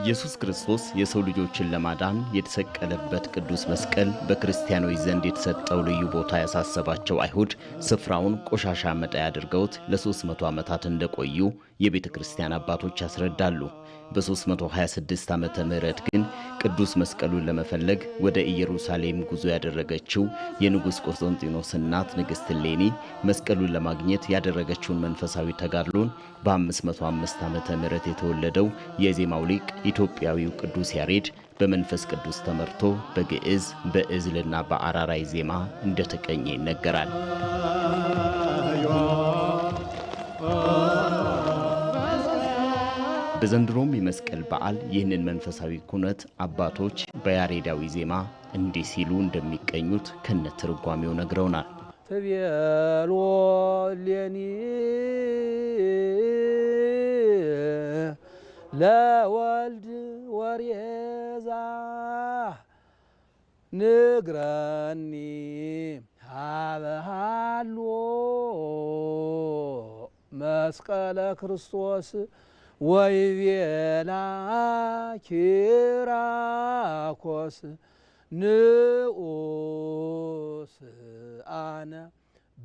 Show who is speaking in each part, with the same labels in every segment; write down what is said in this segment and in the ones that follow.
Speaker 1: ኢየሱስ ክርስቶስ የሰው ልጆችን ለማዳን የተሰቀለበት ቅዱስ መስቀል በክርስቲያኖች ዘንድ የተሰጠው ልዩ ቦታ ያሳሰባቸው አይሁድ ስፍራውን ቆሻሻ መጣያ አድርገውት ለ መቶ ዓመታት እንደቆዩ የቤተ ክርስቲያን አባቶች ያስረዳሉ። በ326 ዓ ም ግን ቅዱስ መስቀሉን ለመፈለግ ወደ ኢየሩሳሌም ጉዞ ያደረገችው የንጉሥ ቆስጠንጢኖስ እናት ንግሥት ሌኒ መስቀሉን ለማግኘት ያደረገችውን መንፈሳዊ ተጋድሎን በ505 ዓ ም የተወለደው የዜማው ሊቅ ኢትዮጵያዊው ቅዱስ ያሬድ በመንፈስ ቅዱስ ተመርቶ በግዕዝ በእዝልና በአራራይ ዜማ እንደተቀኘ ይነገራል። በዘንድሮም የመስቀል በዓል ይህንን መንፈሳዊ ኩነት አባቶች በያሬዳዊ ዜማ እንዲህ ሲሉ እንደሚቀኙት ከነ ትርጓሜው ነግረውናል። ትቤሎ ሌኒ ለወልድ ወሬዛ ንግረኒ አበሃሎ መስቀለ ክርስቶስ ወይቤላ ኪራኮስ
Speaker 2: ንኡስ አነ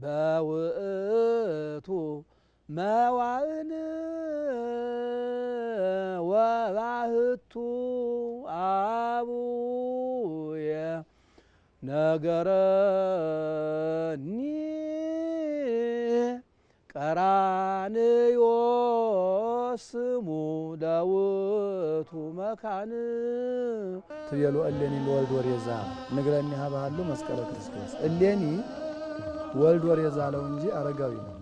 Speaker 2: በውእቱ መዋእን ወባህቱ አቡየ ነገረኒ ቀራንዮ ወስሙ ዳውቱ መካን ትቤሎ እሌኒ ለወልድ ወሬዛ ንግረኒ ሀባሃሉ መስቀለ ክርስቶስ እሌኒ ወልድ ወሬዛ ለው እንጂ አረጋዊ ነው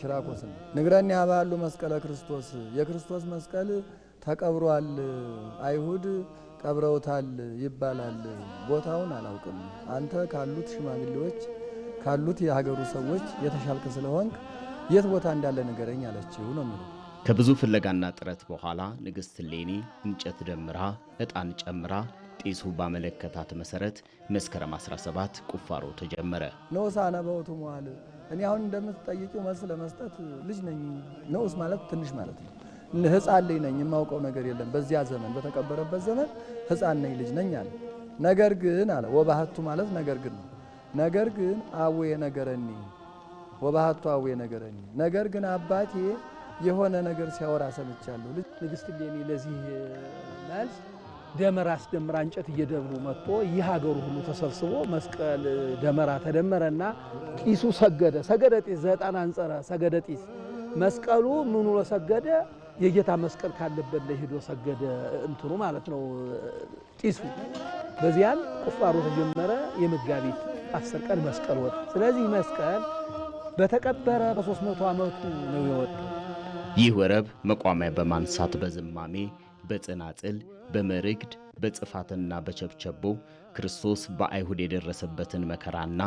Speaker 2: ኪራኮስ ነው። ንግረኒ ሀባሃሉ መስቀለ ክርስቶስ የክርስቶስ መስቀል ተቀብሯል፣ አይሁድ ቀብረውታል ይባላል። ቦታውን አላውቅም። አንተ ካሉት ሽማግሌዎች ካሉት የሀገሩ ሰዎች የተሻልክ ስለሆንክ የት ቦታ እንዳለ ንገረኝ አለችው ነው የሚለው
Speaker 1: ከብዙ ፍለጋና ጥረት በኋላ ንግሥት ሌኒ እንጨት ደምራ ዕጣን ጨምራ ጢሱ ባመለከታት መሰረት መስከረም 17 ቁፋሮ ተጀመረ።
Speaker 2: ንዑስ አነ በውእቱ መዋዕል። እኔ አሁን እንደምትጠይቂው መልስ ለመስጠት ልጅ ነኝ። ንዑስ ማለት ትንሽ ማለት ነው። ሕፃን ልጅ ነኝ። የማውቀው ነገር የለም። በዚያ ዘመን በተቀበረበት ዘመን ሕፃን ነኝ፣ ልጅ ነኝ አለ። ነገር ግን አለ ወባህቱ ማለት ነገር ግን ነው። ነገር ግን አዌ ነገረኒ ወባህቱ አዌ ነገረኒ ነገር ግን አባቴ የሆነ ነገር ሲያወራ ሰምቻለሁ። ንግስት እሌኒ ለዚህ መልስ ደመራ አስደምራ እንጨት እየደብሩ መጥቶ ይህ ሀገሩ ሁሉ ተሰብስቦ መስቀል ደመራ ተደመረና ጢሱ ሰገደ ሰገደ ጢስ ዘጠና አንጸረ ሰገደ ጢስ መስቀሉ ምኑ ሰገደ የጌታ መስቀል ካለበት ላይ ሄዶ ሰገደ እንትኑ ማለት ነው ጢሱ። በዚያም ቁፋሮ ተጀመረ። የመጋቢት አስር ቀን መስቀል ወጣ። ስለዚህ መስቀል በተቀበረ በ መቶ ዓመቱ ነው የወጣው።
Speaker 1: ይህ ወረብ መቋሚያ በማንሳት በዝማሜ በጽናጽል በመርግድ በጽፋትና በቸብቸቦ ክርስቶስ በአይሁድ የደረሰበትን መከራና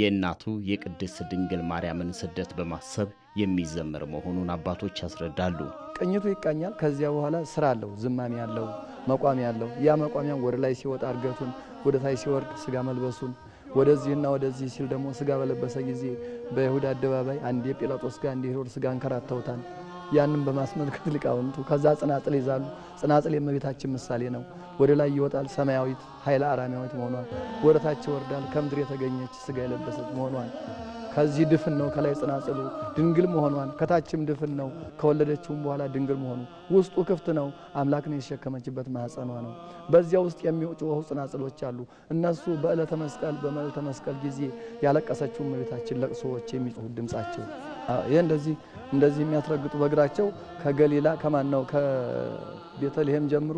Speaker 1: የእናቱ የቅድስት ድንግል ማርያምን ስደት በማሰብ የሚዘመር መሆኑን አባቶች ያስረዳሉ።
Speaker 3: ቅኝቱ ይቃኛል። ከዚያ በኋላ ስራ አለው፣ ዝማሜ አለው መቋሚያ አለው ያ መቋሚያ ወደ ላይ ሲወጣ እርገቱን፣ ወደ ታች ሲወርድ ስጋ መልበሱን ወደዚህና ወደዚህ ሲል ደግሞ ስጋ በለበሰ ጊዜ በይሁድ አደባባይ አንዴ ጲላጦስ ጋር አንዴ ሄሮድስ ጋር አንከራተውታል። ያንን በማስመልከት ሊቃውንቱ ከዛ ጽናጽል ይዛሉ። ጽናጽል የእመቤታችን ምሳሌ ነው። ወደ ላይ ይወጣል፣ ሰማያዊት ኃይለ አራሚያዊት መሆኗን፣ ወደ ታች ይወርዳል፣ ከምድር የተገኘች ስጋ የለበሰች መሆኗን ከዚህ ድፍን ነው ከላይ ጽናጽሉ ድንግል መሆኗን ከታችም ድፍን ነው ከወለደችውም በኋላ ድንግል መሆኑ ውስጡ ክፍት ነው አምላክን የተሸከመችበት ማኅፀኗ ነው። በዚያ ውስጥ የሚጮኹ ጽናጽሎች አሉ። እነሱ በዕለተ መስቀል በመዕለተ መስቀል ጊዜ ያለቀሰችው እመቤታችን ለቅሶዎች የሚጮሁ ድምጻቸው ይህ እንደዚህ እንደዚህ የሚያስረግጡ በእግራቸው ከገሊላ ከማን ነው ከቤተልሔም ጀምሮ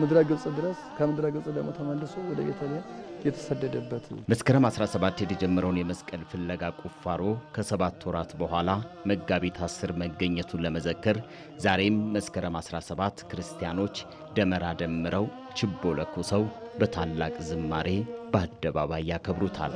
Speaker 3: ምድረ ግብጽ ድረስ ከምድረ ግብጽ ደግሞ ተመልሶ ወደ ቤተልሔም የተሰደደበት ነው።
Speaker 1: መስከረም 17 የተጀመረውን የመስቀል ፍለጋ ቁፋሮ ከሰባት ወራት በኋላ መጋቢት 10 መገኘቱን ለመዘከር ዛሬም መስከረም 17 ክርስቲያኖች ደመራ ደምረው ችቦ ለኩሰው በታላቅ ዝማሬ በአደባባይ ያከብሩታል።